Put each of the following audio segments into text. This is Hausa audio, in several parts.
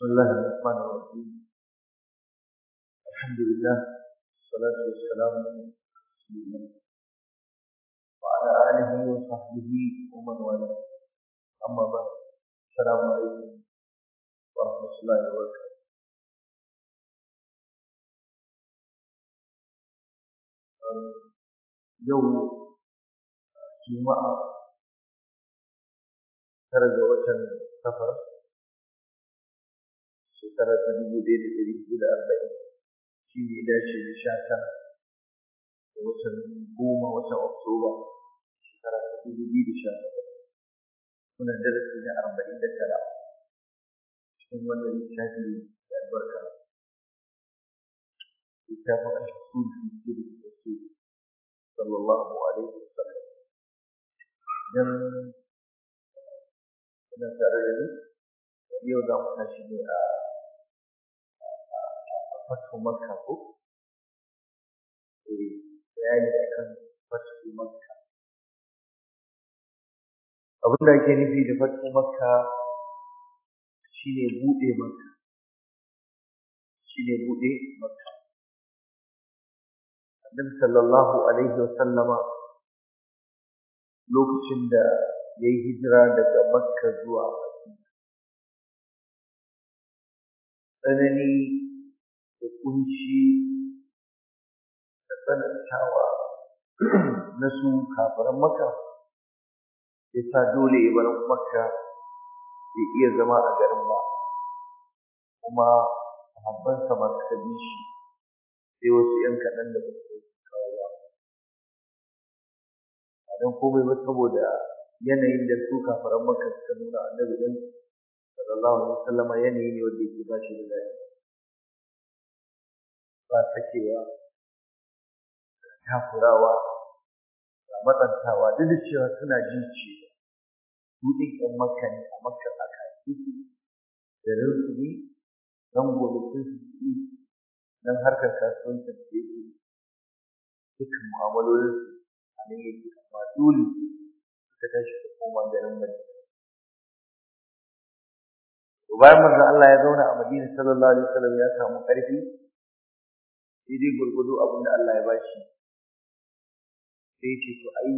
بسم الله الرحمن الرحيم الحمد لله والصلاة والسلام على رسول الله وعلى آله وصحبه ومن والاه أما بعد السلام عليكم ورحمة الله وبركاته يوم جمعة خرج وطن سفر shekara ta dubu ɗaya da ɗari biyu da arba'in shi ne ya dace da sha tara da watan goma watan oktoba shekara ta dubu biyu da sha takwas muna darasi na arba'in da tara cikin wannan littafi da albarka littafin al-usul fi sirri rasul sallallahu alaihi wasallam dan ina tare da ni yau za mu tashi ne a fatu maka ko eh bayani kan fatu maka? abin da ake nufi da fatu makka shine bude makka shine bude makka annabi sallallahu alaihi wasallama lokacin da yayi hijira daga makka zuwa tsanani da kunshi da tsanantawa na su kafaran maka ya sa dole ya bar maka ya iya zama a garin ba kuma sahabbansa ba ka bi shi sai wasu ‘yan kaɗan da ba su kawo ba a don komai ba saboda yanayin da su kafaran maka suka nuna annabi ɗin sallallahu alaihi wasallama yanayi ne wanda yake ba shi da daɗi ba sakewa da takurawa da matsantawa duk da cewa suna jin cewa su ɗin ƴan makka ne a makka a su, da rinsu ne don gobe sun su ci don harkar kasuwancin da yake dukkan mu'amalolinsu a nan yake amma dole suka tashi da koma garin Madina bayan manzon Allah ya zauna a Madina sallallahu alaihi wasallam ya samu ƙarfi sai dai gurgudu abin da Allah ya shi sai ce to ai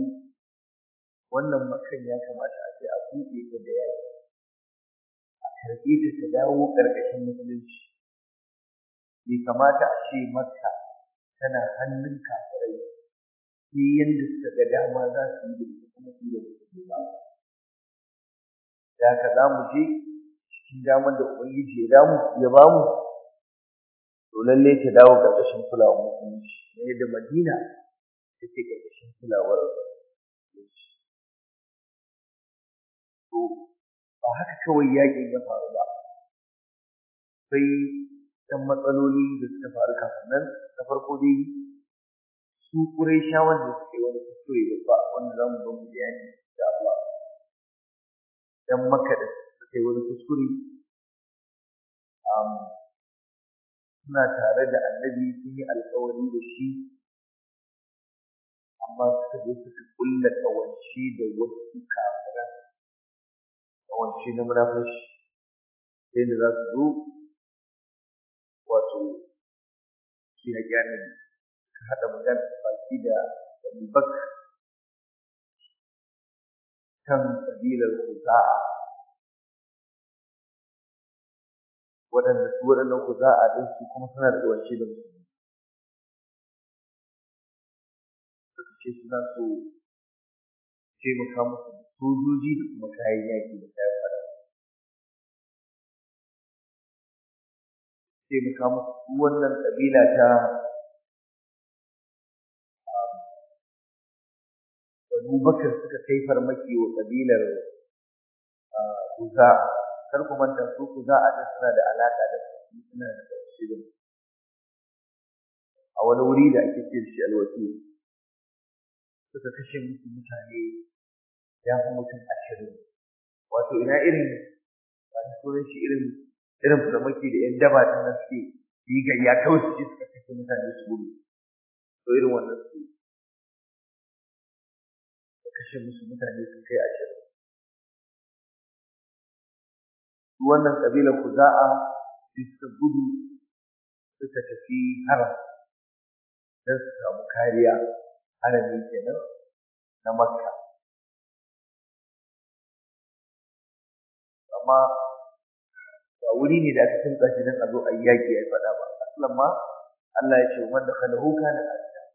wannan makan ya kamata a ce a buɗe ta da yaki a karɓe ta ta dawo ƙarƙashin musulunci bai kamata a ce makka tana hannun kafirai sai yadda suka ga dama za su yi da kuma su da su ba da haka za mu je cikin damar da ubangiji ya damu ya bamu to lalle ta dawo ƙarƙashin kulawar musulunci ne da madina ke ƙarƙashin kulawar musulunci to ba haka kawai yaƙin ya faru ba sai ɗan matsaloli da suka faru kafin nan na farko dai su kurai shawar da suke wani kuskure ba, wanda za mu ba mu bayani da Allah dan makaɗa suke wani kuskure suna tare da annabi sun yi alkawari da shi amma suka je suka kulla kawanci da wasu kafiran kawanci na munafurci sai da za su zo wato shi ya gyara ne ka haɗa magana baki da abubakar kan kabilar kusa'a waɗanda su waɗannan ku za a ɗin su kuma suna da ƙawance da musulmi suka ce suna so taimaka musu sojoji da kuma kayan yaƙi da kayan fada taimaka musu su wannan ƙabila ta ah, Abu suka kai farmaki wa ƙabilar ah, Uza kar ku manta su ku za a ga suna da alaka da su suna da tafsirin a wani wuri da ake ce shi alwasi suka kashe musu mutane ya fi mutum ashirin wato ina irin wani sunan shi irin irin furamaki da yan daba ta nan suke yi gayya kawai su suka kashe mutane su gudu to irin wannan su kashe musu mutane su kai ashirin su wannan kabilar kuza'a sai suka gudu suka tafi haram don su samu kariya harami kenan na makka amma ba wuri ne da aka canza shi don a zo a yi yaƙi a yi faɗa ba aslan ma Allah ya ce wanda kalahu kana aslan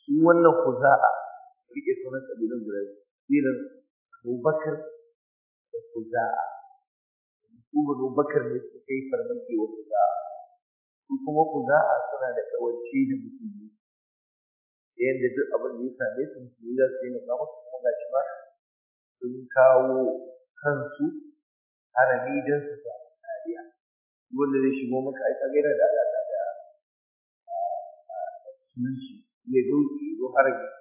su wannan ku kuza'a riƙe sauran kabilun guda biyu Abubakar da kuza'a su banu bakar ne su kai farmaki wa kuza'a su kuma kuza'a suna da kawance da musulmi yadda duk abin da ya same su musulmi za su taimaka musu kuma ga shi ma sun kawo kansu harami don su samu kariya wanda zai shigo maka ai kaga gaira da alaƙa da ah, ah, musulunci zai zo harami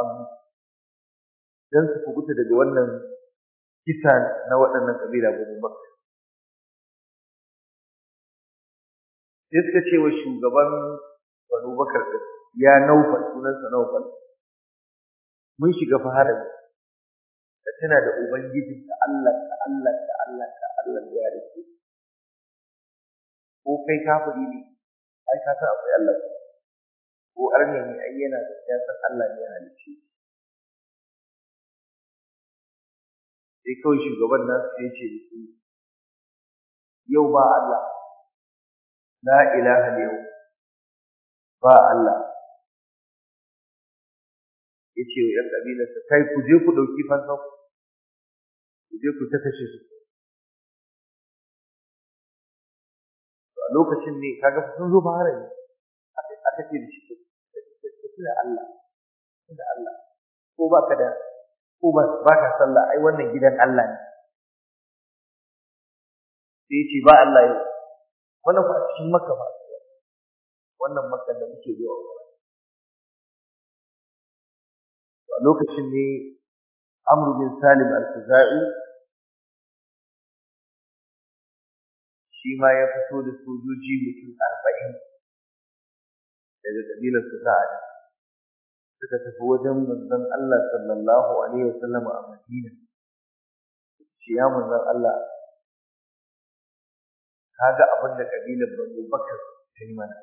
amu don su kubuta daga wannan kisa na waɗannan ƙabila gudun baka sai suka ce wa shugaban banu bakar ya naufal sunansa naufal mun shiga faharar ka tana da ubangiji ta Allah ta Allah ta Allah ta Allah ya rike ko kai kafiri ne ai ka san akwai Allah ko arne ne ai yana da siyasar Allah ne ya halicce shi sai kawai shugaban nan sai ce yau ba Allah la ilaha yau ba Allah yace wa 'yan kabilarsa kai ku je ku ɗauki fansa ku je ku ta kashe su lokacin ne kaga sun zo ba harami aka ce da shi da Allah da Allah ko baka da ko baka sallah ai wannan gidan Allah ne sai ce ba Allah yau wannan ku a cikin maka ba wannan maka da muke yi a lokacin ne Amr bin Salim al-Khuzai shi ma ya fito da sojoji mutum arba'in daga kabilar Khuzai suka tafi wajen manzon Allah sallallahu alaihi a Madina shi ya manzon Allah ga abin da kabilar Banu Bakar ta yi mana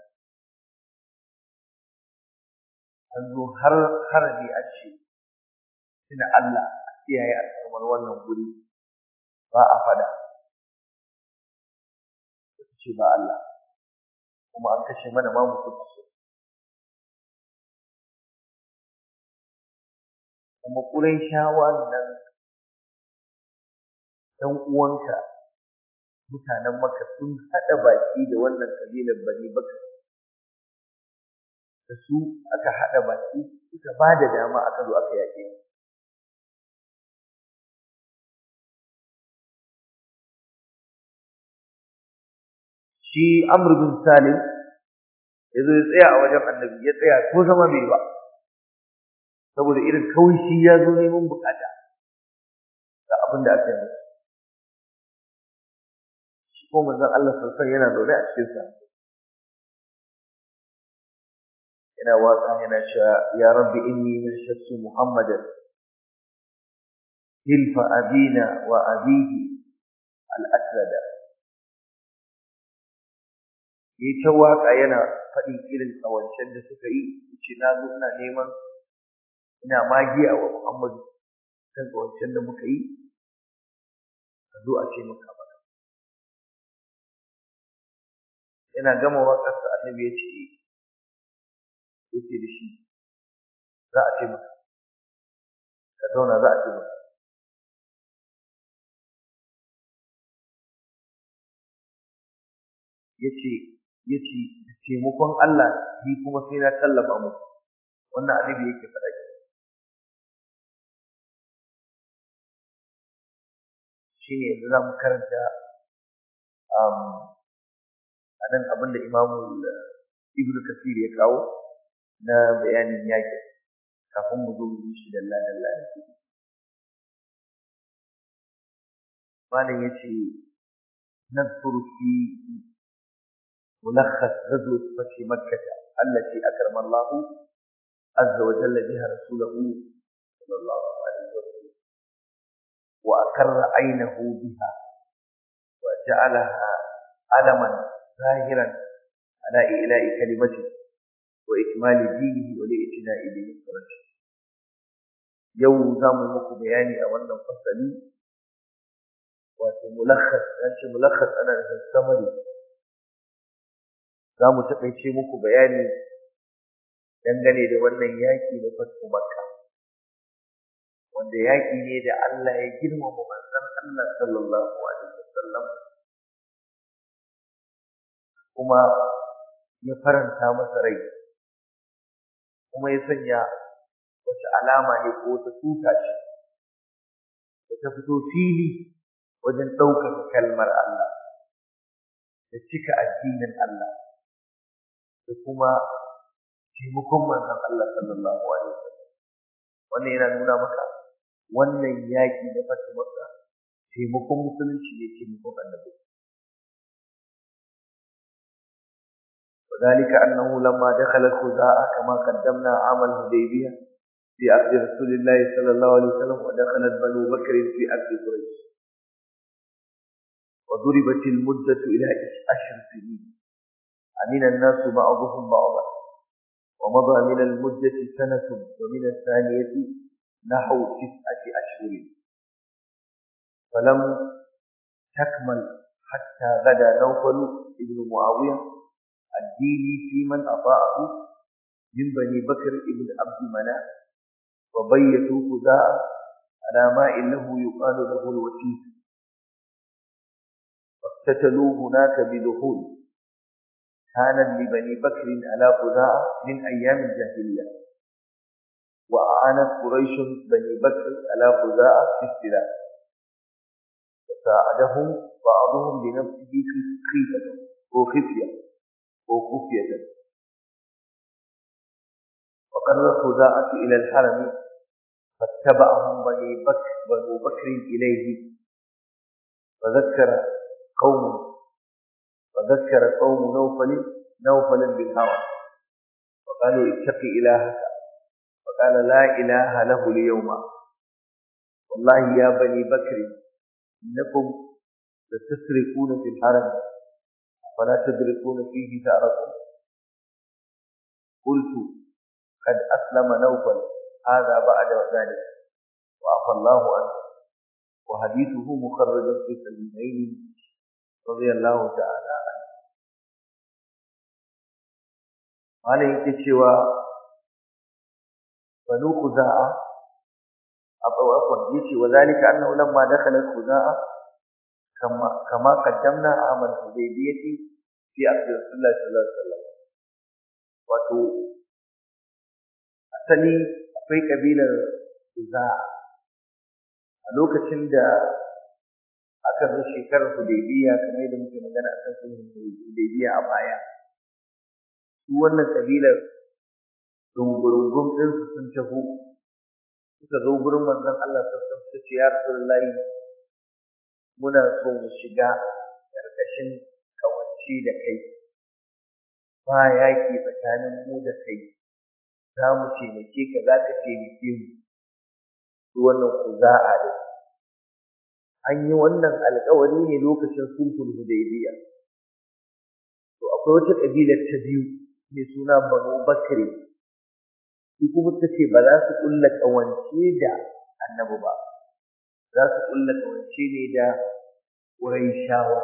an zo har har ne a ce tuna Allah a kiyaye al'ummar wannan guri ba a fada ce ba Allah kuma an kashe mana ma mutum kuma ƙurayshawa nan ɗan uwanka mutanen maka sun haɗa baki da wannan kabilar bani baka da su aka haɗa baki suka ba da dama aka zo aka yaƙe shi amr bin salim ya zo ya tsaya a wajen annabi ya tsaya ko zama bai ba saboda irin kawai shi ya zo neman bukata ga abin da aka yi masa shi ko manzon Allah sallallahu yana zaune a cikin sa yana waka yana cewa ya rabbi inni min shakki muhammadan hilfa abina wa abihi al-asrada yi ta waka yana faɗin irin kawancen da suka yi ce na zo ina neman ina magiya wa Muhammadu kan wancan da muka yi a zo a ce maka ba yana gama waƙar annabi ya ce ya ce da shi za a ce maka ka zauna za a ce maka ya ce ya ce taimakon Allah ni kuma sai na tallafa mu. wannan annabi yake faɗa shine yanzu za mu karanta um, a nan abin da imamu ibn kasir ya kawo na bayanin yaƙi kafin mu zo mu yi shi da malam ya ce نذكر في ملخص غزوة فتح مكة التي أكرم الله عز وجل بها رسوله صلى الله عليه وسلم وأقر عينه بها وجعلها ألما ظاهرا على إلاء كلمته وإكمال دينه ولإتناء دين فرجه يوم زام المكو بياني أولا فصلي وملخص يعني ملخص أنا إذا استمر زام سقيت شيء مكو بياني لم يلي لولا ياكي لفتح مكه wanda yaƙi ne da Allah ya girmama manzon Allah sallallahu alaihi wasallam kuma ya faranta masa rai kuma ya sanya wata alama ne ko wata tuta shi da ta fito fili wajen ɗaukar kalmar Allah da cika addinin Allah da kuma taimakon manzon Allah sallallahu alaihi wasallam wannan yana nuna maka wannan yaki da fata maka taimakon musulunci ne taimakon annabi وذلك أنه لما دخل الخزاعة كما قدمنا عام الهديبية في عهد رسول الله صلى الله عليه وسلم ودخلت بنو بكر في عهد قريش وضربت المدة إلى عشر سنين أمن الناس بعضهم بعضا ومضى من المدة سنة ومن الثانية نحو تسعة أشهر فلم تكمل حتى غدا نوفل ابن معاوية الديني في من أطاعه من بني بكر ابن عبد مناف وبيتوا خزاعة على ما إنه يقال له الوسيط واقتتلوا هناك بدخول كانت لبني بكر على خزاعة من أيام الجاهلية وأعانت قريش بني بكر على خزاعة في السلاح وساعدهم بعضهم بنفسه في خيفة وخفية وخفية وقرر خزاعة إلى الحرم فاتبعهم بني بكر بنو بكر إليه فذكر قوم فذكر قوم نوفل نوفلا بالهرم وقالوا اتق إلهك وقال لا إله له اليوم والله يا بني بكر إنكم لتسرقون في الحرم فلا تدركون فيه ثاركم قلت قد أسلم نوفل هذا بعد ذلك وعفى الله عنه وحديثه مخرج في سبيلين رضي الله تعالى عنه. قال يكتشف banu khuza'a abu afwan yace wa zalika annahu lamma dakhala khuza'a kama kama qaddamna amal hudaybiyati fi wato asali akwai kabilar khuza'a a lokacin da aka shekarar hudaybiya kamar yadda muke magana akan hudaybiya a baya su wannan kabilar dungurungun ɗinsu sun tafi. suka zo gurin manzon Allah sassan suka ce ya Rasulullahi muna so mu shiga ƙarƙashin kawance da kai ba yaƙi tsakanin mu da kai za mu taimake ka za ka taimake mu su wannan ku za a da an yi wannan alƙawari ne lokacin sulhul hudaybiya to akwai wata ƙabilar ta biyu mai suna banu bakri su kuma suka ce ba za su kulla kawance da annabi ba za su kulla kawance ne da Qurayshawa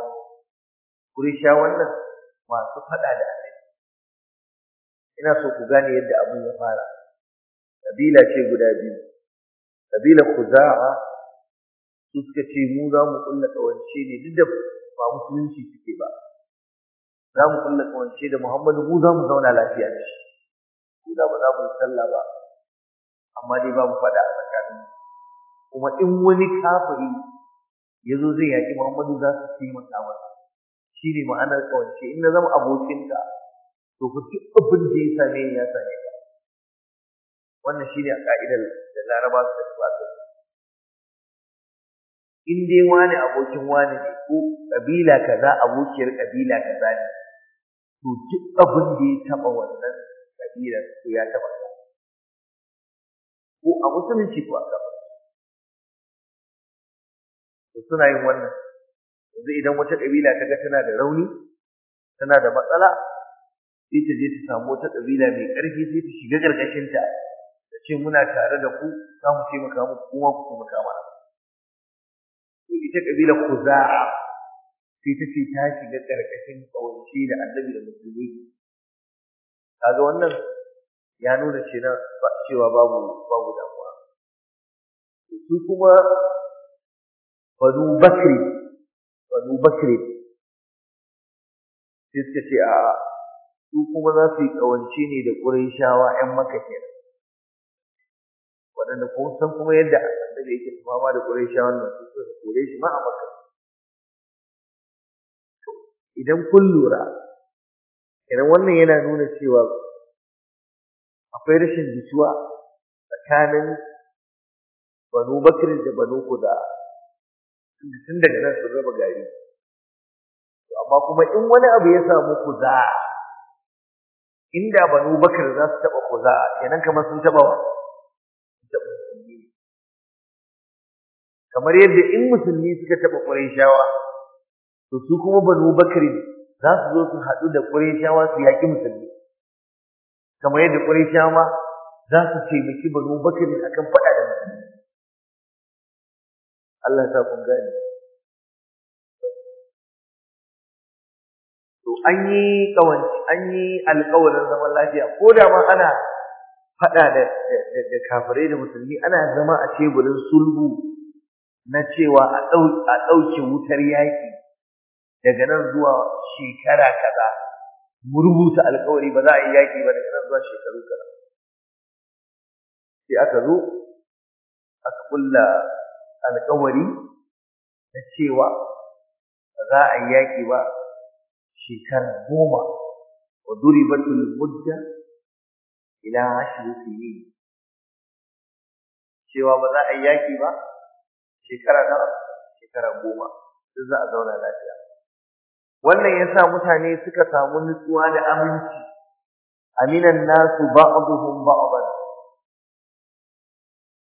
Qurayshawan nan masu faɗa da annabi ina so ku gane yadda abin ya fara kabila ce guda biyu kabila Khuza'a su suka ce mu za mu kulla kawance ne duk da ba musulunci suke ba za mu kulla kawance da Muhammadu mu za mu zauna lafiya da shi da ba za mu yi sallah ba amma dai mu fada a tsakanin kuma in wani kafiri ya zo zai yaƙi Muhammadu za su ci masa masa shi ne ma'anar kawance in na zama abokinka to ku duk abin da ya same ni ya same ka wannan shi ne a ka'idar da laraba su da suwa in dai wani abokin wani ne ko ƙabila kaza abokiyar ƙabila kaza ne to duk abin da ya taɓa wannan kafiran ko ya taba ka ko a musulunci ko a kafa suna yin wannan yanzu idan wata kabila ta ga tana da rauni tana da matsala sai ta je ta samu wata kabila mai ƙarfi sai ta shiga ƙarƙashinta ta ce muna tare da ku za mu taimaka mu kuma ku taimaka mana to ita kabilar a, sai ta ce ta shiga ƙarƙashin ƙawance da annabi da musulmi kaga wannan ya nuna cewa babu babu damuwa su kuma Banu Bakri Banu Bakri sai suka ce a su kuma za su yi kawance ne da Qurayshawa ƴan Makka kenan waɗanda ko san kuma yadda annabi yake fama da Qurayshawa nan su kore shi ma a Makka idan kun lura Idan wannan yana nuna cewa akwai rashin jituwa tsakanin banu bakir da banu kuda tun daga nan su raba gari amma kuma in wani abu ya samu kuza inda banu bakir za su taba kuza kenan kamar sun taba kamar yadda in musulmi suka taba shawa, to su kuma banu bakir za su zo su haɗu da ƙureshawa su yaƙi musulmi kamar yadda ƙureshawa za su taimaki banu a akan faɗa da musulmi Allah sa kun gane to an yi kawanci an yi alƙawarin zaman lafiya ko da ma ana faɗa da da kafirai da musulmi ana zama a teburin sulhu na cewa a ɗauke wutar yaƙi daga nan zuwa shekara kaza mu rubuta alƙawari ba za a yi yaƙi ba daga nan zuwa shekaru kaza sai aka zo aka kulla alƙawari na cewa ba za a yi yaƙi ba shekara goma wa duribatul mudda ila ashri sinin cewa ba za a yi yaƙi ba shekara nawa shekara goma duk za a zauna lafiya wannan yasa mutane suka samu nutsuwa da aminci aminan nasu ba'dhum ba'dan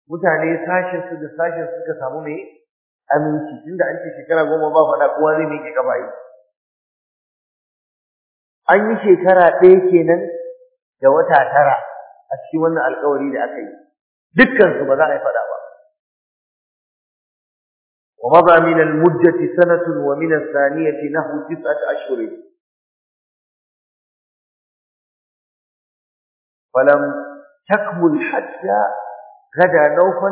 mutane sashin su da sashin suka samu mai aminci tunda an ce shekara goma ba fada kowa zai miƙe gaba yi an yi shekara ɗaya kenan da wata tara a cikin wannan alƙawari da aka yi dukkan su ba za a yi fada ba مضى من المدة سنة ومن الثانية نحو تسعة أشهر فلم تكمل حتى غدا نوفا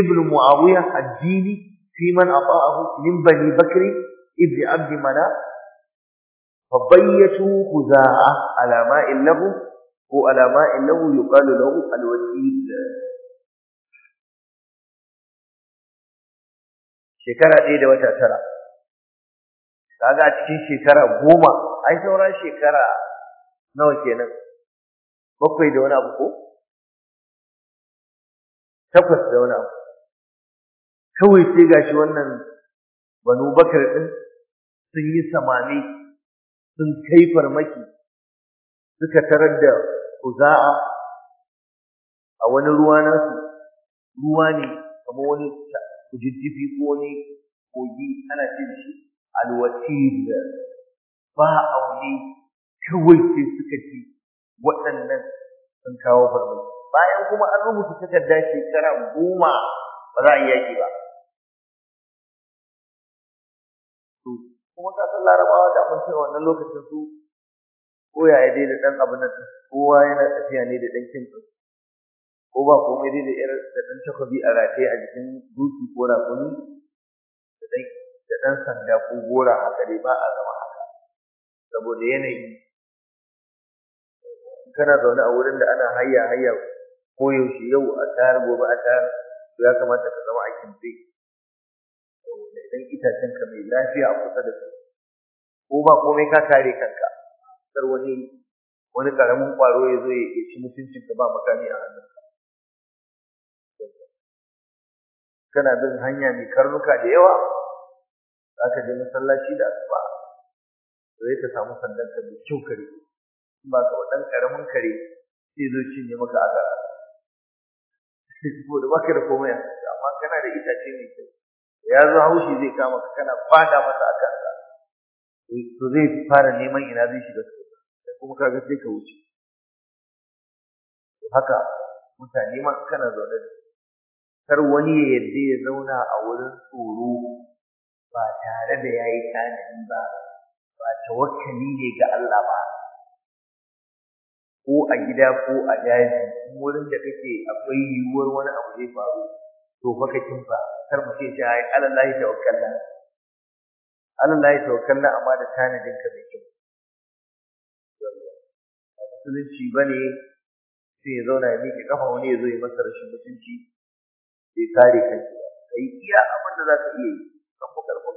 ابن معاوية الديني في من أطاعه من بني بكر ابن عبد مناف فبيتوا خزاعة على ماء له وعلى ماء له يقال له الوسيل shekara ɗaya da wata tara kaga cikin shekara goma ai saura shekara nawa kenan bakwai da wani abu ko takwas da wani abu kawai sai gashi wannan banu bakar ɗin sun yi samani sun kai farmaki suka tarar da kuza'a a wani ruwa nasu ruwa ne kamar wani kujiddifi ko ko kogi ana cin da shi alwatir ba aure kawai sai suka ci waɗannan sun kawo farko bayan kuma an rubuta takarda shekara goma ba za a yi yaƙi ba kuma ka san larabawa da mun cewa wannan lokacin su ko ya dai da dan abin nan kowa yana tafiya ne da ɗan kin ko ba komai dai da irin da ɗan takobi a rataye a jikin duki ko rakuni da ɗan da ɗan sanda ko gora haka dai ba a zama haka saboda yanayi kana zaune a wurin da ana hayya hayya ko yaushe yau a tayar gobe a tayar to ya kamata ka zama a kimtsi da ɗan itacen ka mai lafiya a kusa da su ko ba komai ka kare kanka kar wani wani karamin kwaro ya zo ya ci mutuncinka ka ba makami a hannunka kana bin hanya mai karnuka da yawa za ka je masallaci da asuba sai ka samu sandan ka da kyau kare in ba ka wadan karamin kare sai zo cinye maka azara saboda baka da komai amma kana da itace mai kyau ya zo haushi zai kama ka kana fada masa a kanka to zai fara neman ina zai shiga da kuma ga sai ka wuce haka mutane ma kana zaune da kar wani ya yadda ya zauna a wurin tsoro ba tare da ya yi tanadi ba ba tawakkali ne ga Allah ba ko a gida ko a daji wurin da kake akwai yiwuwar wani abu zai faru to fa kakin fa kar mu ce shi ai alallahi tawakkalna alallahi tawakkalna amma da tanadin ka mai kyau ba bane sai ya zauna ya miƙe kafa wani ya zo ya masa rashin mutunci sai kare kanki ka yi iya abin da za ka iya yi ka fi karfin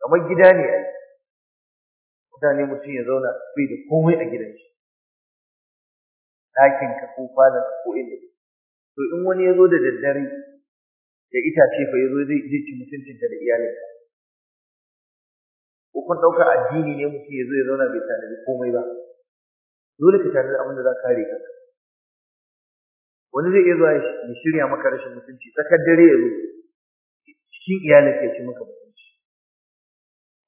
kamar gida ne ai mutane mutum ya zauna bai da komai a gidan shi ɗakin ka ko falon ko inda to in wani ya zo da daddare da itace fa ya zo zai ci mutuncin da ka ko kun ɗauka addini ne mutum ya zo ya zauna bai tanadi komai ba dole ka tanadi abin da za ka kare kanka wani zai iya zuwa ya shirya maka rashin mutunci tsakar dare ya zo cikin iyalin ya ci maka mutunci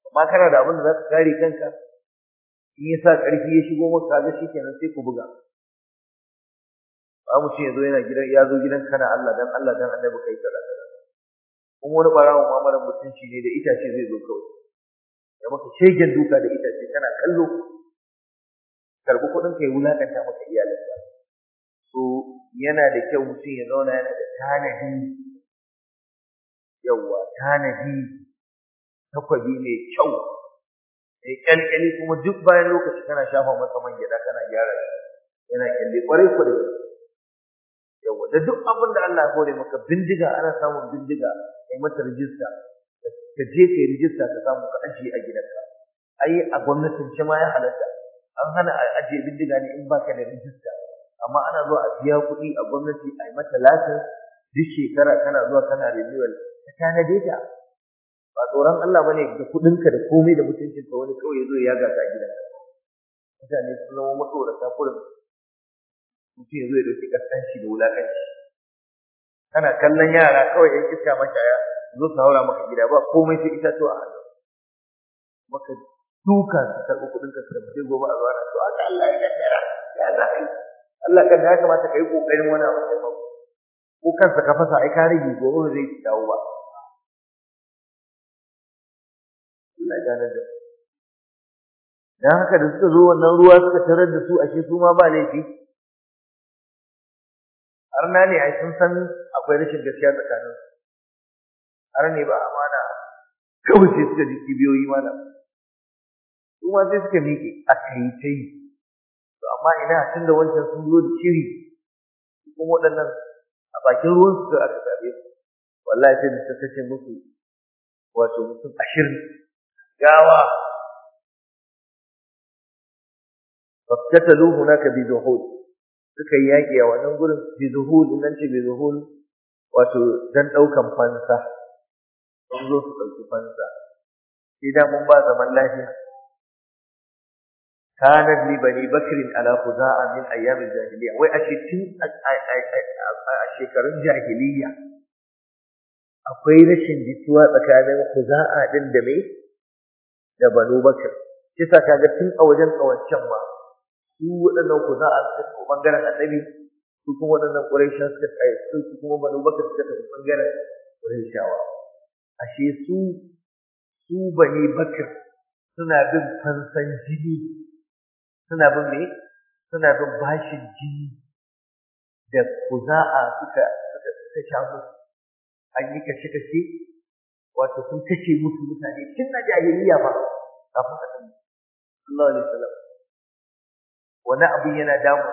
amma kana da abin da za ka kare kanka in ya sa ƙarfi ya shigo maka ga shi kenan sai ku buga ba mu ce ya zo yana gidan ya zo gidan kana Allah dan Allah dan annabi kai kaza kaza kuma wani barawa mu'amalar mutunci ne da itace zai zo kawai ya maka shegen duka da itace kana kallo karbi kuɗin ka ya wulakanta maka iyalinka so yana da kyau mutum ya zauna yana da tanadi yawa tanadi takwabi mai kyau mai kyalkyali kuma duk bayan lokaci kana shafa masa man gyaɗa kana gyara shi yana kyalle kwarai ku da yawa da duk abin da Allah ya kore maka bindiga ana samun bindiga kai mata rijista ka je kai rijista ka samu ka ajiye a gidanka ai a gwamnatin ma ya halatta an hana ajiye bindiga ne in baka da rijista amma ana zuwa a biya kuɗi a gwamnati a yi mata lasin duk shekara kana zuwa kana renewal ta tanade ta ba tsoron Allah bane da kuɗinka da komai da mutuncin ka wani kawai zo ya gasa a gida. mutane sun zama matsorata kurin mutum ya zo ya ɗauki ƙasƙanci da wulaƙanci kana kallon yara kawai ‘yan iska mashaya zo su haura maka gida ba komai sai ita to a hannu maka duka su karɓi kuɗinka su karɓi sai gobe a zuwa na to haka Allah ya kaddara ya za a yi Allah kan ya kamata ka yi ƙoƙarin wani abu da ba ko kansa ka fasa ai ka rage gobe zai dawo ba Allah ya gane da dan haka da suka zo wannan ruwa suka tarar da su ashe su ma ba laifi na ne ai sun san akwai rashin gaskiya tsakanin su ne ba amana kawai sai suka ji kibiyoyi mana su ma sai suka miƙe a kai kai amma ina tun da wancan sun zo da shiri kuma waɗannan a bakin ruwan su aka zabe su wallahi sai da suka musu wato mutum ashirin gawa fakkatalu hunaka bi zuhul suka yi yaƙi a wannan gurin bi zuhul nan ce bi zuhul wato dan ɗaukan fansa sun zo su ɗauki fansa sai da mun ba zaman lafiya kanat li bani bakrin ala khuza'a min ayyam al-jahiliya wai ashe tun a shekarun jahiliya akwai rashin jituwa tsakanin khuza'a din da mai da banu bakr kisa kaga tun a wajen kawancan ma su waɗannan khuza'a suka ko bangaren annabi su kuma waɗannan quraisha suka kai su kuma banu bakr suka tafi bangaren quraishawa ashe su su bani bakr suna bin fansan jini suna bin me suna bin bashin jini da kuza'a suka suka suka shafu an yi kashe kashe wato sun kashe musu mutane tun na jahiliya ba kafin a tsaye Allah ne wasallam wani abin yana damu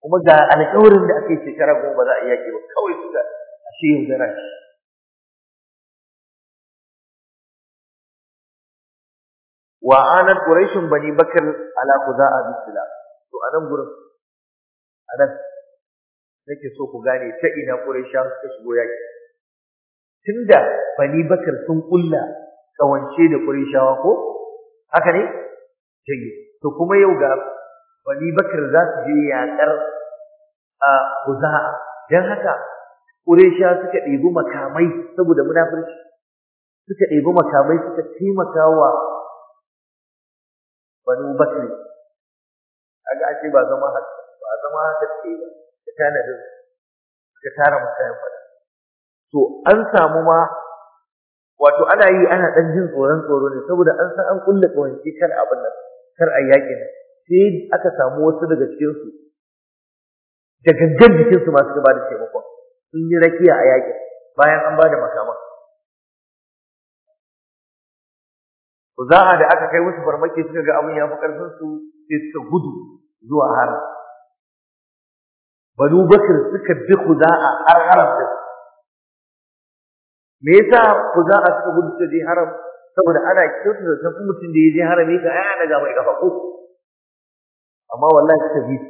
kuma ga alƙawarin da ake shekara goma ba za a yi yaƙi ba kawai suka ashe yaudara shi wa anan quraishun bani bakr ala khuza'a bisila to anan gurin anan nake so ku gane ta ina quraisha suka shigo yaki tunda bani bakr sun kulla kawance da quraishawa ko haka ne tayi to kuma yau ga bani bakr za su je yakar a khuza'a dan haka quraisha suka ɗebi makamai saboda munafurci suka ɗebi makamai suka taimakawa? banu bakri kaga ake ba zama haka ba zama haka ce ba ta da ta tara mutane ba. to an samu ma wato ana yi ana dan jin tsoron tsoro ne saboda an san an kulle kawance kar abin nan kar a yaƙi ne sai aka samu wasu daga cikin su da gangan jikin su masu ba da taimakon sun yi rakiya a yaƙin bayan an ba da Kuza'a da aka kai musu farmaki suka ga abin ya fi ƙarfin su sai suka gudu zuwa har. Banu Bakr suka bi Kuza'a har haram da Me yasa Kuza'a suka gudu suka je haram? Saboda ana kyautu da san mutum da ya je haram yake ai ana ga mai kafa ko. Amma wallahi suka bi su.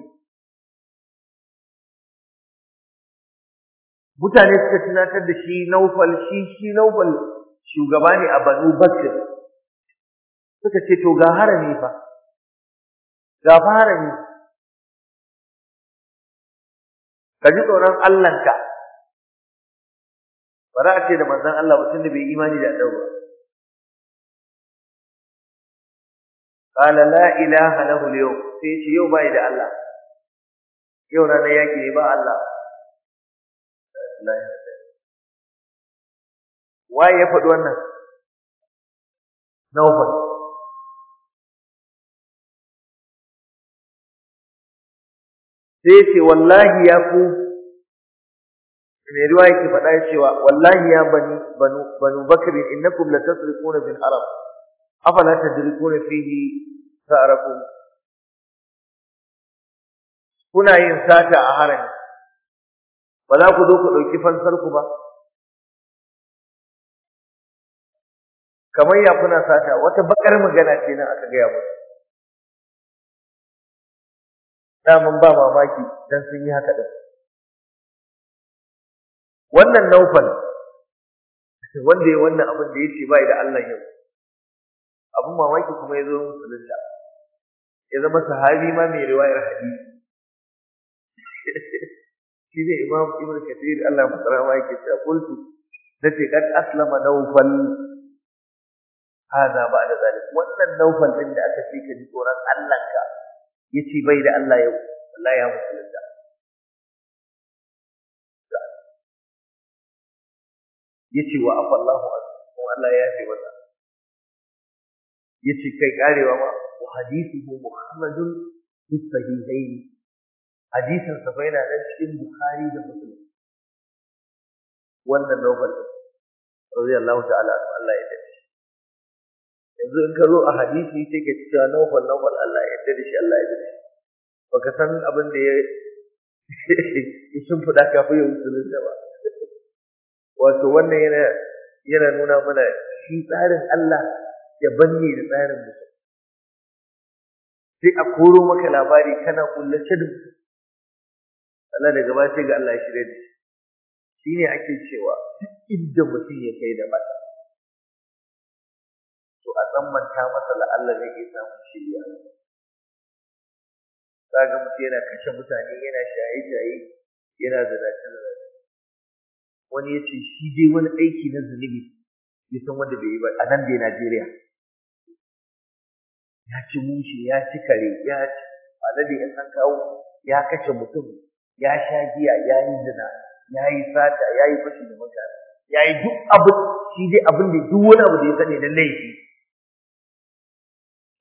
Mutane suka tunatar da shi Naufal shi shi Naufal shugaba ne a Banu Bakr. suka ce to ga harami fa ga harami Kaji ji tsoron Allahnka ba za a ce da manzon Allah ba tunda bai imani da Allah ba qala la ilaha lahu al sai shi yau bai da Allah yau ranar yaki ba Allah waye ya faɗi wannan Naufal sai ce wallahi ya ku mai ruwa yake faɗa cewa wallahi ya bani banu banu bakrin innakum latasriquna fil arab afala tadrikuna fihi sa'arakum kuna yin sata a harin? ba za ku zo ku ɗauki fansar ku ba kamar ya kuna sata wata bakar magana ce nan aka gaya musu daman ba mamaki dan sun yi haka din wannan naufal wanda ya wannan abin da yace bai da Allah yau abun mamaki kuma ya zo musulunta ya zama sahabi ma mai riwayar hadisi shi ne imam ibnu kathir Allah ya fara ma yake cewa qultu nace kad aslama naufal hada ba'da zalik wannan naufal din da aka fika ka ji tsoron Allah ka ya ce bai da Allah yau Allah ya musulunta ya ce wa afa Allah kuma Allah ya yafe masa ya ce kai karewa ma wa ko Muhammadun fi sahihaini hadisin sa bai na nan cikin Bukhari da Muslim wannan nobel radiyallahu ta'ala Allah ya yanzu in ka zo a hadisi sai ka cewa nawfal nawfal Allah ya yarda da shi Allah ya yarda da shi baka san abin da ya shin fuda kafin ya wuce da ba wato wannan yana yana nuna mana shi tsarin Allah ya banne da tsarin mutum sai a koro maka labari kana kullace da Allah daga ba sai ga Allah ya shirye da shi shine ake cewa duk inda mutum ya kai da mata a tsammanta masa la'alla zai iya samun shirya ga mutum yana kashe mutane yana shaye-shaye yana zinace-zinace wani ya ce shi dai wani aiki na zunubi ya san wanda bai yi ba a nan dai Najeriya ya ci mushi ya ci kare ya ci da in an kawo ya kashe mutum ya sha giya ya yi zina ya yi sata ya yi fashi da mutane ya yi duk abin shi dai abin da duk wani abu da ya sani na laifi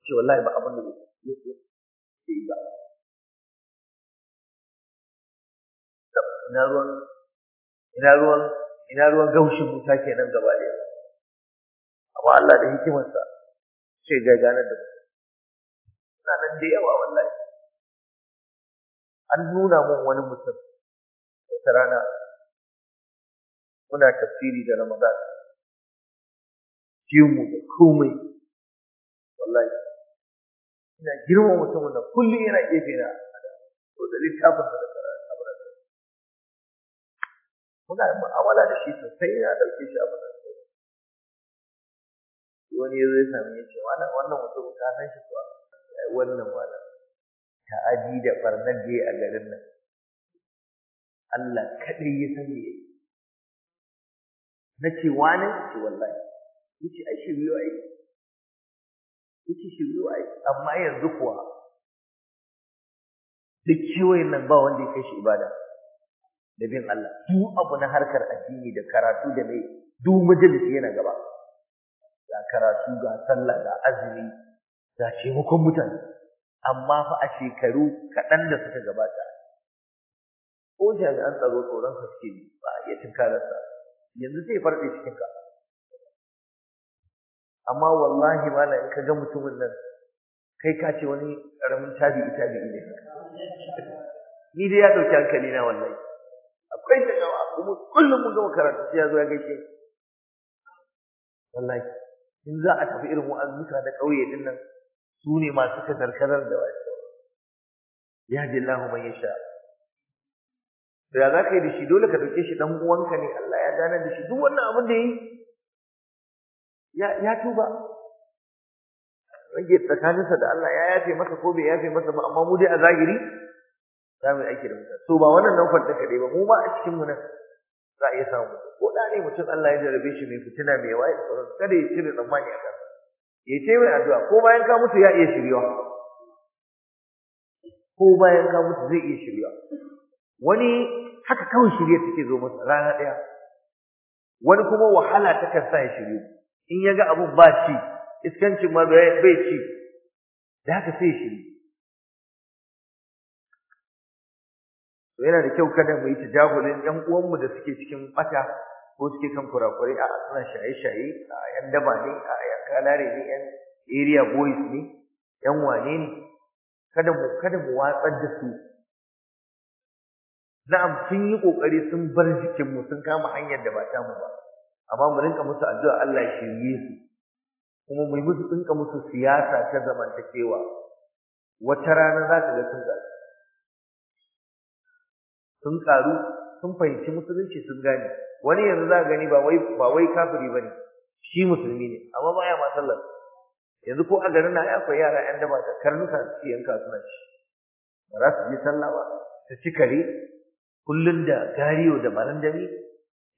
ce wallahi ba abin da ke yi ba ina ruwan ina ruwan ina ruwan gaushin wuta kenan gaba ɗaya amma Allah da hikimarsa ce gaganar da da suna nan da yawa wallahi an nuna mun wani mutum wata rana muna tafsiri da Ramadan ciwon mu da komai wallahi ina girma mutum wanda kullum yana gefe na to da littafin da karanta muna mu'amala da shi sosai na dauke shi a matsayin wani ya zai sami ya ce wannan wannan mutum ka san shi kuwa wannan malam ta'adi da barnar da ya a garin nan Allah kaɗai ya san me na ce wani ce wallahi yace ai shi biyo ai yake shi zuwa amma yanzu kuwa duk kiwon nan ba wanda ya kai shi ibada da bin Allah duk abu na harkar addini da karatu da mai du majalisi yana gaba ga karatu ga sallah ga azumi ga taimakon mutane amma fa a shekaru kaɗan da suka gabata ko jami'an tsaro tsoron haske ba a iya tunkararsa yanzu zai farɗe cikin ka amma wallahi ma in ka ga mutumin nan kai ka ce wani karamin tabi'i tabi'i ne ni dai ya dauki hankali na wallahi akwai da gawa kuma kullum mun gama karatu sai ya zo ya gaishe wallahi in za a tafi irin wa'azuka da kauye din nan su ne masu kazarkazar da wasu. ya ji Allah ya yasha da za ka yi da shi dole ka dauke shi dan uwanka ne Allah ya gane da shi duk wannan abin da yi ya tuba rage tsakaninsa da Allah ya yafe masa ko bai yafe masa ba amma mu dai a zahiri za mu yi aiki da mutum to ba wannan naufar ɗin kaɗai ba mu ma a cikin mu nan za a iya samu ko da ne mutum Allah ya jarabe shi mai fitina mai yawa da kada ya cire tsammani a kansa ya ce mai addu'a ko bayan ka mutu ya iya shiryawa ko bayan ka mutu zai iya shiryawa wani haka kawai shirye take zo masa rana ɗaya wani kuma wahala takan sa ya shirye in ya ga abun ba ci iskancin ma bai ci da haka sai shi to yana da kyau kada mu yi tajahulin yan uwanmu da suke cikin bata ko suke kan kurakurai a suna shaye-shaye a yan daba ne a yan kalare ne yan area boys ne yan wane ne kada mu kada mu watsar da su na'am sun yi kokari sun bar jikinmu sun kama hanyar da ba ta ba amma mu rinka musu addu'a Allah ya shirye su kuma mu yi musu dinka musu siyasa ta zamantakewa wata rana za ka ga sun ga sun karu sun fahimci musulunci sun gane wani yanzu za ka gani ba wai ba wai kafiri bane shi musulmi ne amma ya ma sallar yanzu ko a garin na ya akwai yara yan daba da karnuka su yanka suna shi. ba za su je sallah ba ta ci kare kullum da gariyo da barandami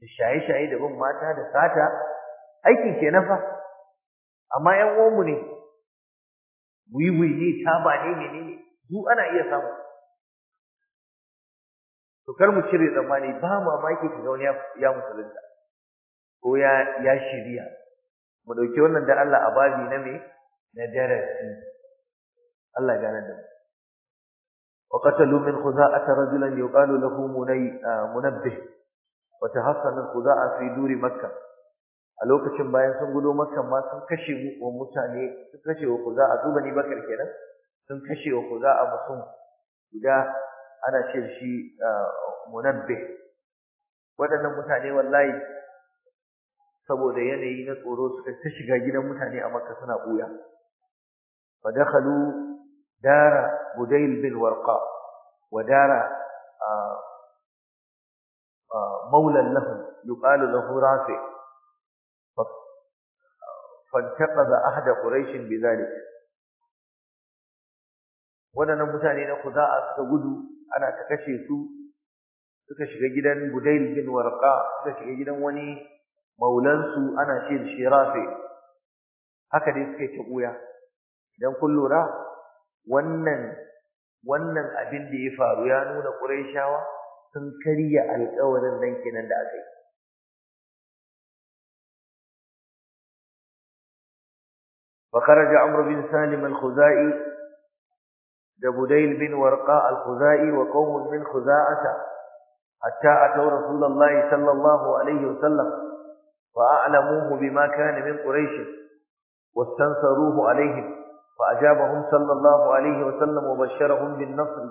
da shaye-shaye da bin mata da sata aiki ke nafa amma ‘yan uwanmu ne wiwi ne taba ne ne ne ana iya samu to kar mu cire tsammani ba mamaki ki ga wani ya musulunta ko ya ya mu dauki wannan da Allah ababi na me na darasi Allah ya gane da mu وقتلوا من خزاعة رجلا يقال له منبه wata hassanin ku za a fi duri makka a lokacin bayan sun gudo makka ma sun kashe wa mutane sun kashe wa ku za a zuba ni bakar kenan sun kashe wa ku za a mutum guda ana ce shi munabbe waɗannan mutane wallahi saboda yanayi na tsoro suka ta shiga gidan mutane a makka suna ɓuya fa dara budayl bin warqa wa dara مولى له يقال له رافع فانتقذ أحد قريش بذلك waɗannan mutane na kuza'a suka gudu ana ta kashe su suka shiga gidan Budayl bin Warqa suka shiga gidan wani maulansu ana ce shi Rafi haka dai suka ta buya dan kun lura wannan abin da ya faru ya nuna Qurayshawa sun karya alƙawarin nan kenan da aka yi فخرج عمرو بن سالم الخزائي دبديل بن ورقاء الخزائي وقوم من خزاعة حتى أتوا رسول الله صلى الله عليه وسلم فأعلموه بما كان من قريش واستنصروه عليهم فأجابهم صلى الله عليه وسلم وبشرهم بالنصر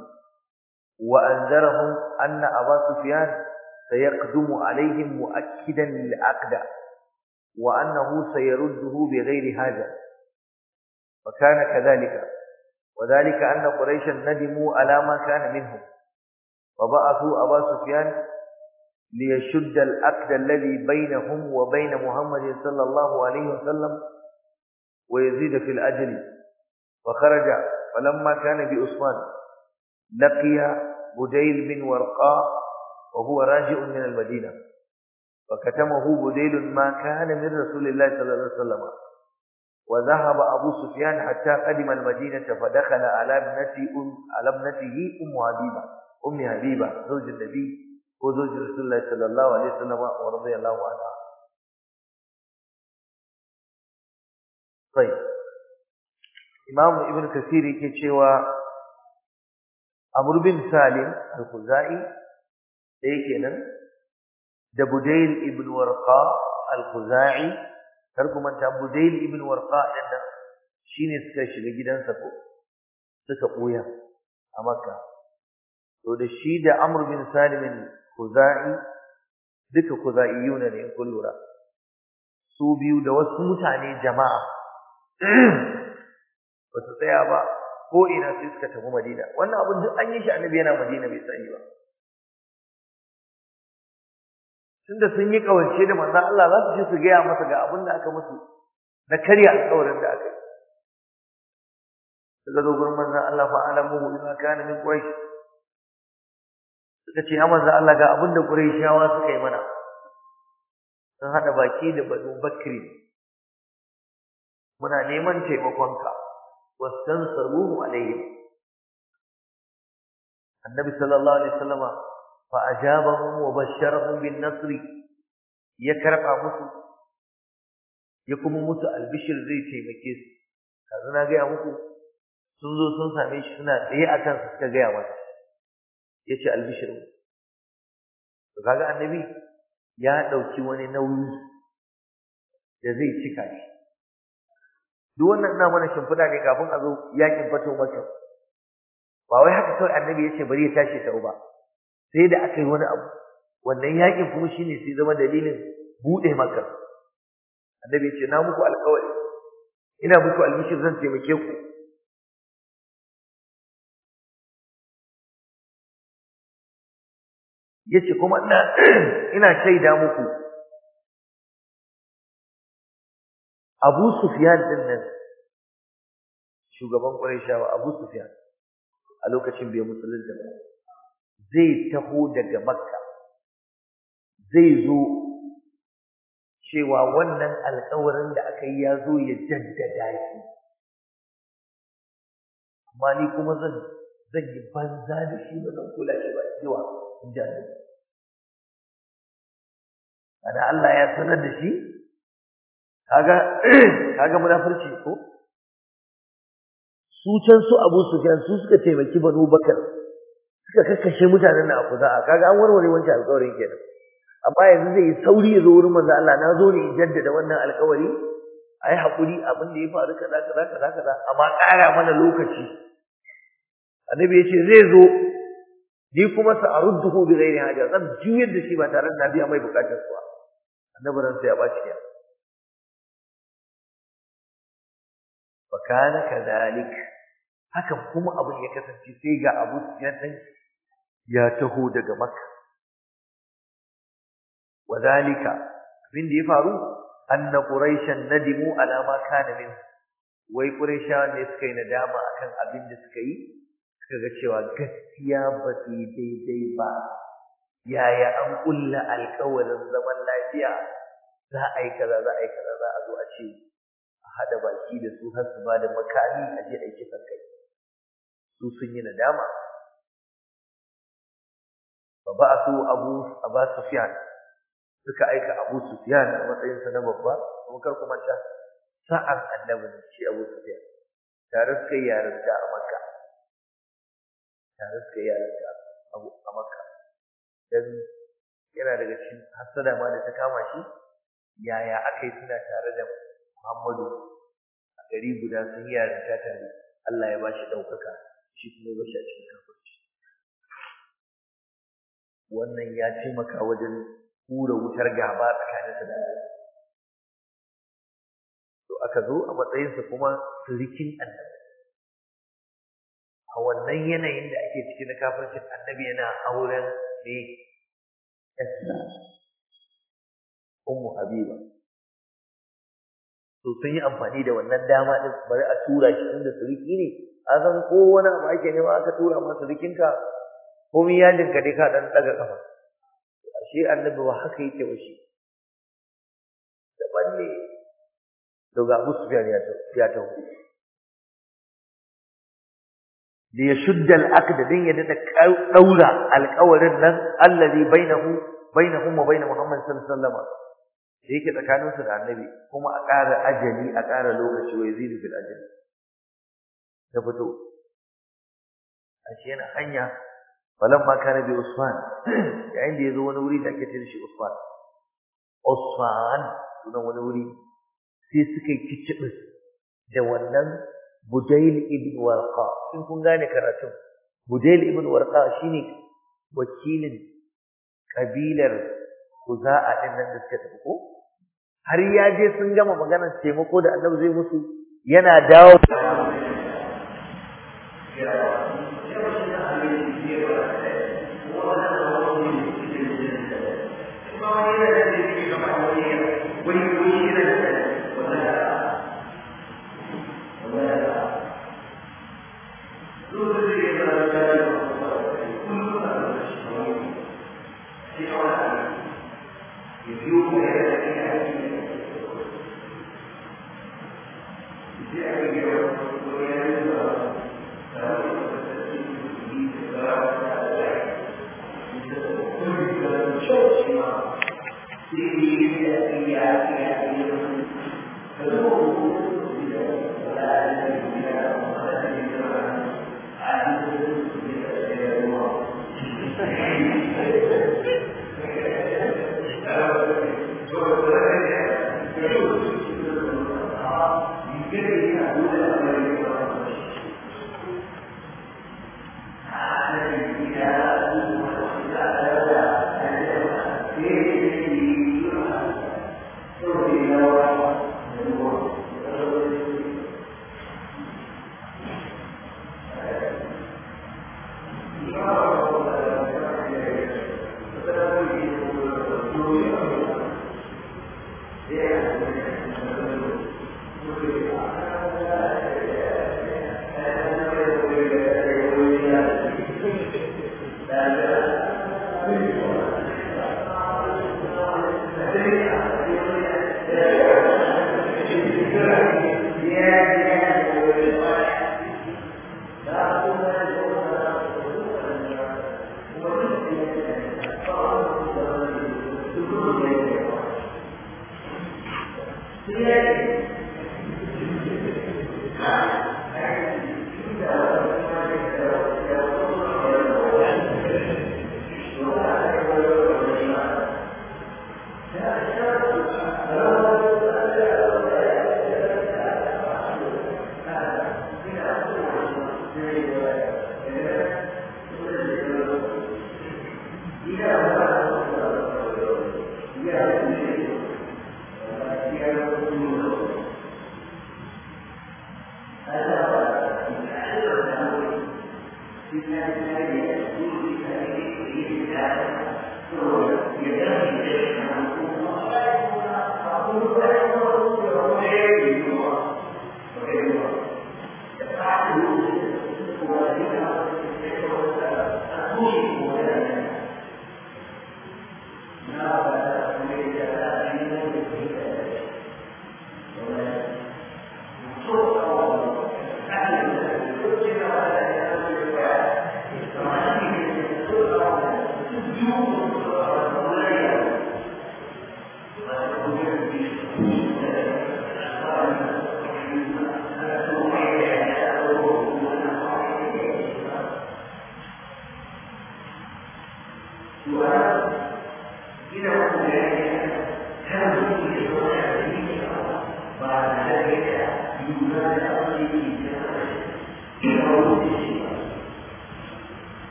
وأنذرهم أن أبا سفيان سيقدم عليهم مؤكدا للعقد وأنه سيرده بغير هذا وكان كذلك وذلك أن قريشا ندموا على ما كان منهم وبعثوا أبا سفيان ليشد العقد الذي بينهم وبين محمد صلى الله عليه وسلم ويزيد في الأجل وخرج فلما كان بأسوان لقي بديل بن ورقاء وهو راجع من المدينة فكتمه بديل ما كان من رسول الله صلى الله عليه وسلم وذهب أبو سفيان حتى قدم المدينة فدخل على ابنته أم على ابنته أم حبيبة أم حبيبة زوج النبي وزوج رسول الله صلى الله عليه وسلم ورضي الله عنها طيب إمام ابن كثير كي cewa amr bin salim al-khuzai dai kenan da budayl ibn warqa al-khuzai kar ku manta budayl ibn warqa din nan shine suka shiga gidansa ko suka koya a makka to da shi da amr bin salim al-khuzai duka khuzaiyuna ne in kun lura su biyu da wasu mutane jama'a ba su tsaya ba ko ina sai suka tafi Madina wannan abin duk an yi shi annabi yana Madina bai sani ba tunda sun yi kawance da manzon Allah za su je su gaya masa ga abin da aka musu na karya alƙawarin da aka yi daga zo gurin manzon Allah fa alamuhu bima kana min quraish suka ce ya manzon Allah ga abin da quraishawa suka yi mana sun hada baki da Banu Bakri muna neman taimakonka واستنصروه عليهم النبي صلى الله عليه وسلم فأجابهم وبشرهم بالنصر يكرق أمسوا يكم أمسوا البشر ذيته مكيس هذا ناقع أمسوا سنزو سنسا ميشنا إيه أكان سكا قيا وانا يشاء البشر فقال النبي يا لو تيواني نوز جزيت شكاش duk wannan ina mana shimfiɗa ne kafin a zo yakin fato maka ba wai haka kawai annabi ya ce bari ya tashi ta ba sai da aka yi wani abu wannan yakin kuma shine sai zama dalilin buɗe maka annabi ya ce na muku alƙawari ina muku albishir zan taimake ku yace kuma ina ina shaida muku Abu Sufyan din nan shugaban Qurayshawa Abu Sufyan a lokacin bai musulunta ba zai taho daga Makka zai zo cewa wannan alƙawarin da aka yi ya zo ya jaddada shi amma ni kuma zan zan yi banza da shi ba zan kula shi ba cewa in ji Ana Allah ya sanar da shi kaga kaga munafurci ko su can su Abu can su suka taimaki Banu Bakar suka kakkashe mutanen na Akuza'a kaga an warware wancan alƙawarin kenan amma yanzu zai yi sauri ya zo wurin manzo Allah na zo ne in jaddada wannan alƙawari ai hakuri abin da ya faru kaza kaza kaza kaza amma ƙara mana lokaci annabi ya ce zai zo ni kuma sa'arudduhu bi ghairi hajar zan juyar da shi ba tare da na biya mai bukatar su ba annabi ran sai ya baci kenan kana kazalik hakan kuma abin ya kasance sai ga Abu Sufyan ya taho daga Makka wadalika abin da ya faru anna quraishan nadimu ala ma kana min wai quraisha ne suka yi nadama akan abin da suka yi suka ga cewa gaskiya ba su yi daidai ba yaya an kulla alƙawarin zaman lafiya za a yi kaza za a yi kaza za a zo a ce haɗa baki da su har su ba da makami a je aiki kan kai su sun yi nadama ba su abu aba sufyan suka aika abu fiya a matsayinsa na babba kuma kar ku manta sa'an annabi ne shi abu fiya tare suka yi yarinta a maka, tare suka yi yarinta a maka dan yana daga cikin hasada ma da ta kama shi yaya akai suna tare da mu Muhammadu a gari guda sun yi yarinta tare Allah ya ba shi ɗaukaka shi kuma ba shi a cikin kafarci wannan ya taimaka wajen hura wutar gaba su da to aka zo a matsayinsa kuma surikin annabi a wannan yanayin da ake ciki na kafircin annabi yana auren ne Esther ummu Habiba to sun yi amfani da wannan dama din bari a tura shi inda suriki ne a san ko wani abu ake nema aka tura ma surikinka Ko ya dinka dai ka dan daga kafa ashe annabi ba haka yake ba shi da ne to ga musu Sufyan ya ta ya ta li yashudda al-aqd din ya da daura alƙawarin nan allazi bainahu bainahum wa bain Muhammad sallallahu alaihi wasallam da yake tsakaninsu da annabi kuma a ƙara ajali a ƙara lokaci wai zai rufe ajali ta fito ashe yana hanya ma kana bi usman yayin da ya zo wani wuri da ake tare shi usman usman sunan wani wuri sai suka yi kicibis da wannan budail ibn warqa in kun gane karatun budail ibn warqa shine wakilin kabilar a ɗin nan da suka tafi ko har ya je sun gama maganar taimako da annabi zai musu yana dawo da Thank you.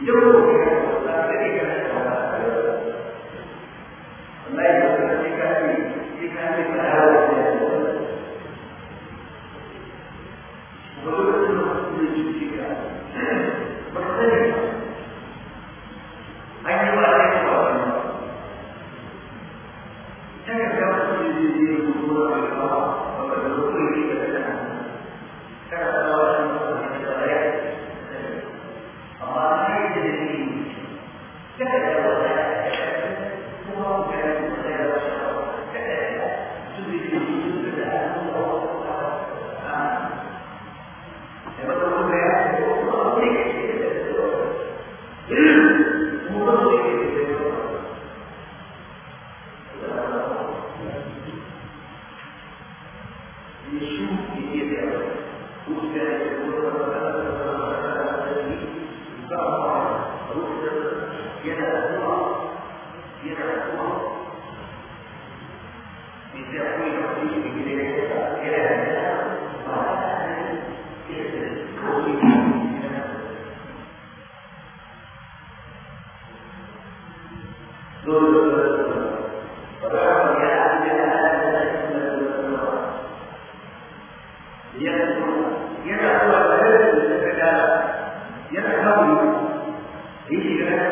you.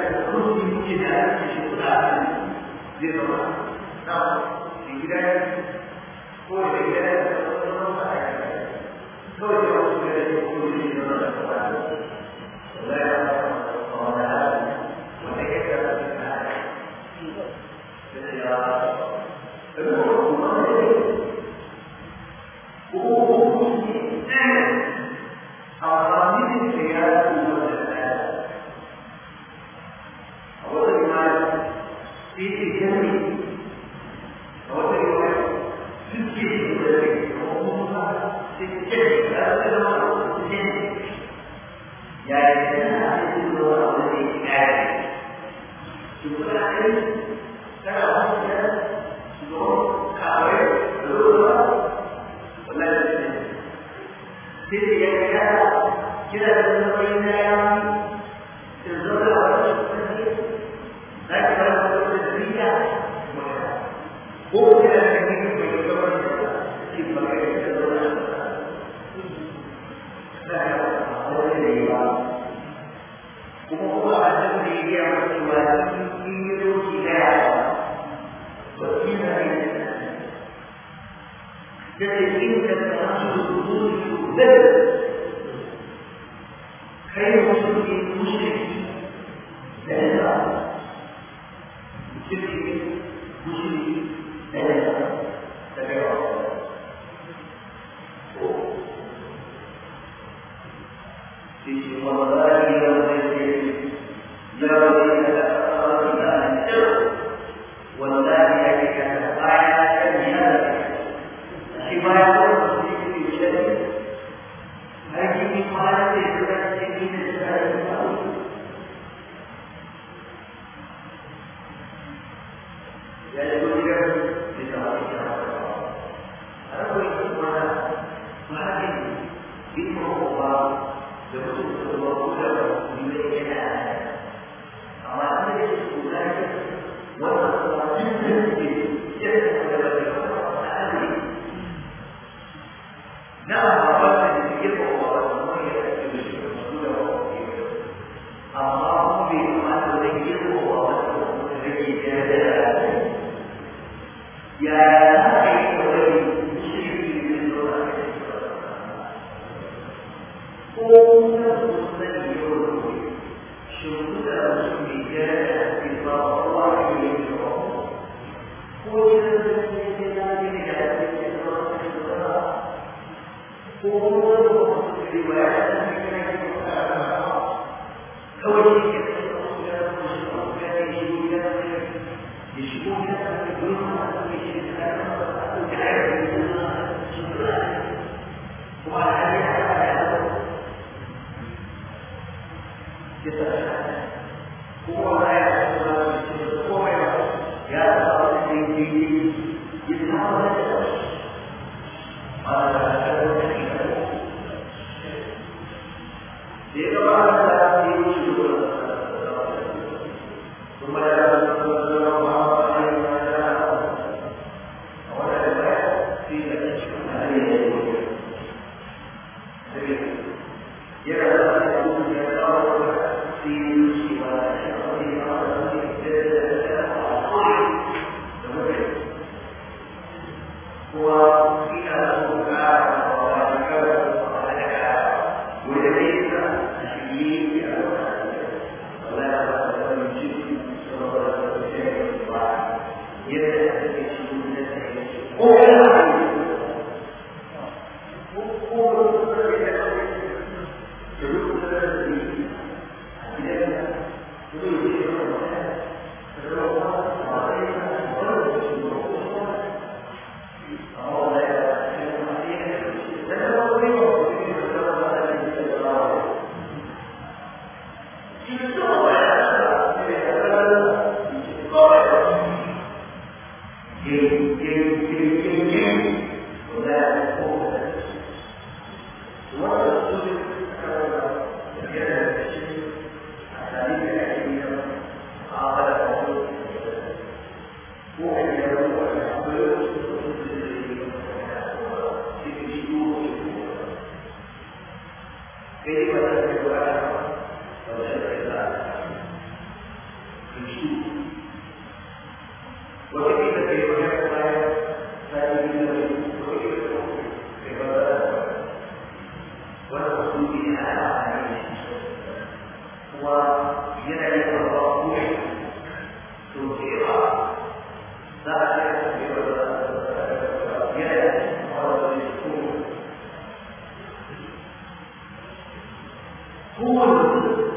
خذ من هداية الشبهات للرب نعم في هداية هو هداية هو الرسول الذي يقول لنا لا يعلم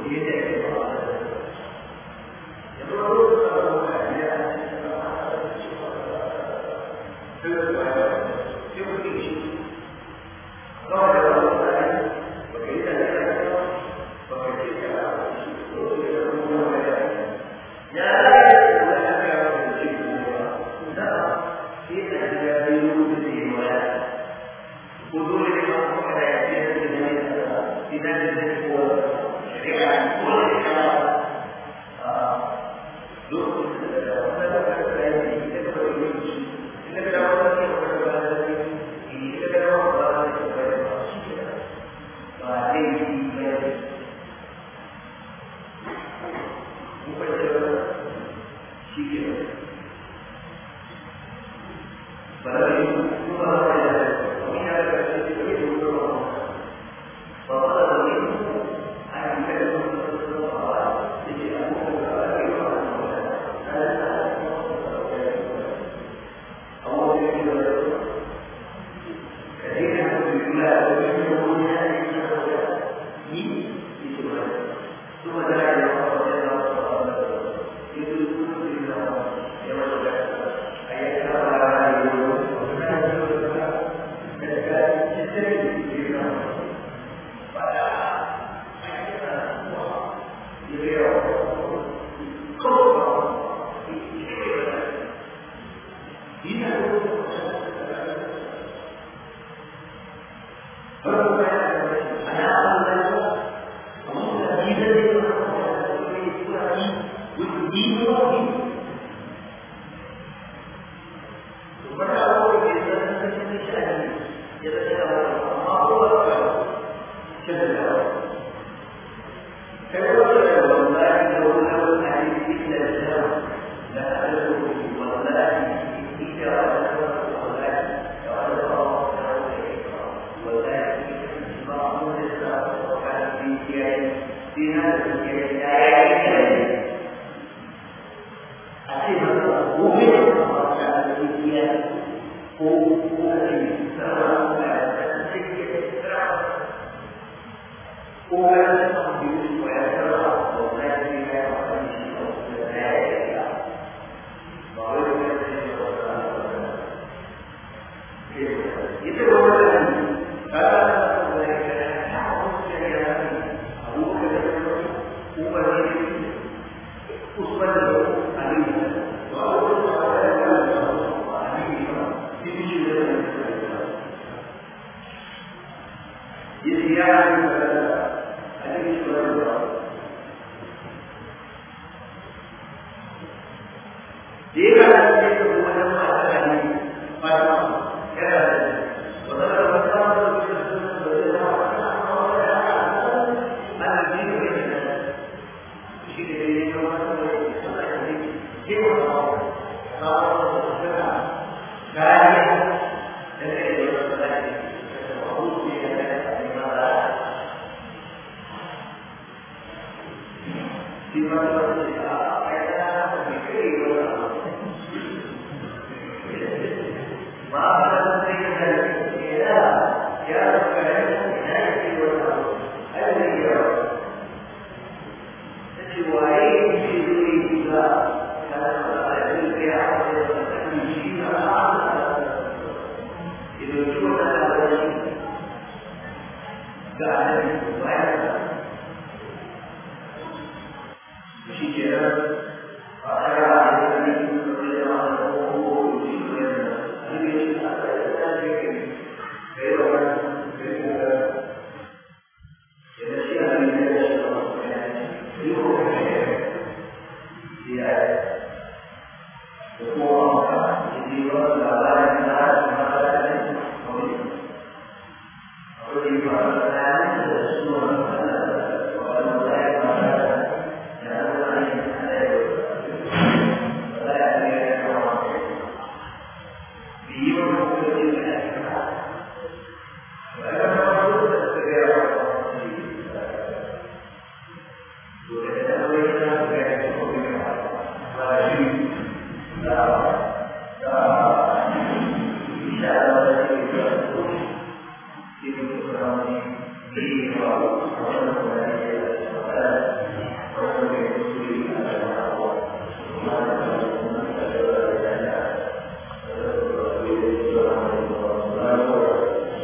Thank you.